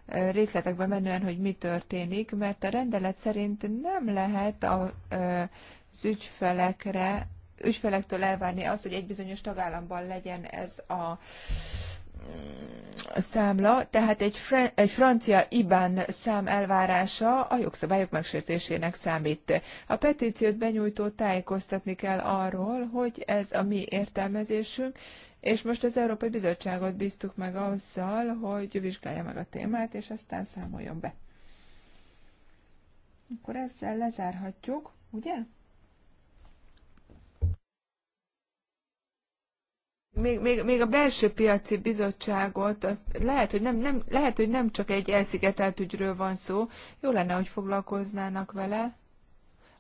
részletekbe menően, hogy mi történik, mert a rendelet szerint nem lehet a, az ügyfelekre, ügyfelektől elvárni azt, hogy egy bizonyos tagállamban legyen ez a számla, tehát egy, fr- egy francia IBAN szám elvárása a jogszabályok megsértésének számít. A petíciót benyújtó tájékoztatni kell arról, hogy ez a mi értelmezésünk, és most az Európai Bizottságot bíztuk meg azzal, hogy vizsgálja meg a témát, és aztán számoljon be. Akkor ezzel lezárhatjuk, ugye? még, még, még a belső piaci bizottságot, azt lehet, hogy nem, nem, lehet, hogy nem csak egy elszigetelt ügyről van szó, jó lenne, hogy foglalkoznának vele.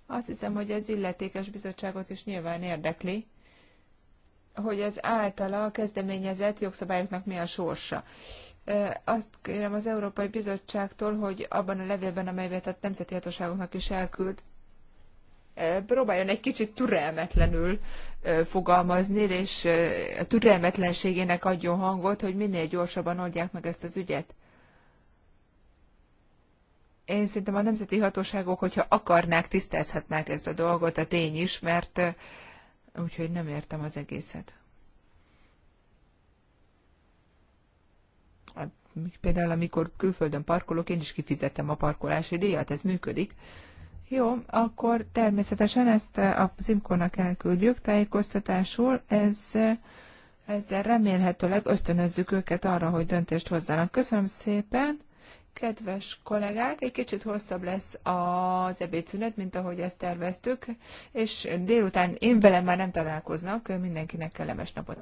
Azt hiszem, hogy az illetékes bizottságot is nyilván érdekli hogy az általa kezdeményezett jogszabályoknak mi a sorsa. Azt kérem az Európai Bizottságtól, hogy abban a levélben, amelyet a nemzeti hatóságoknak is elküld, próbáljon egy kicsit türelmetlenül fogalmazni, és a türelmetlenségének adjon hangot, hogy minél gyorsabban oldják meg ezt az ügyet. Én szerintem a nemzeti hatóságok, hogyha akarnák, tisztázhatnák ezt a dolgot, a tény is, mert úgyhogy nem értem az egészet. Hát, például, amikor külföldön parkolok, én is kifizetem a parkolási díjat, ez működik. Jó, akkor természetesen ezt a Zimkornak elküldjük tájékoztatásul, ez, ezzel remélhetőleg ösztönözzük őket arra, hogy döntést hozzanak. Köszönöm szépen! Kedves kollégák, egy kicsit hosszabb lesz az ebédszünet, mint ahogy ezt terveztük, és délután én velem már nem találkoznak, mindenkinek kellemes napot.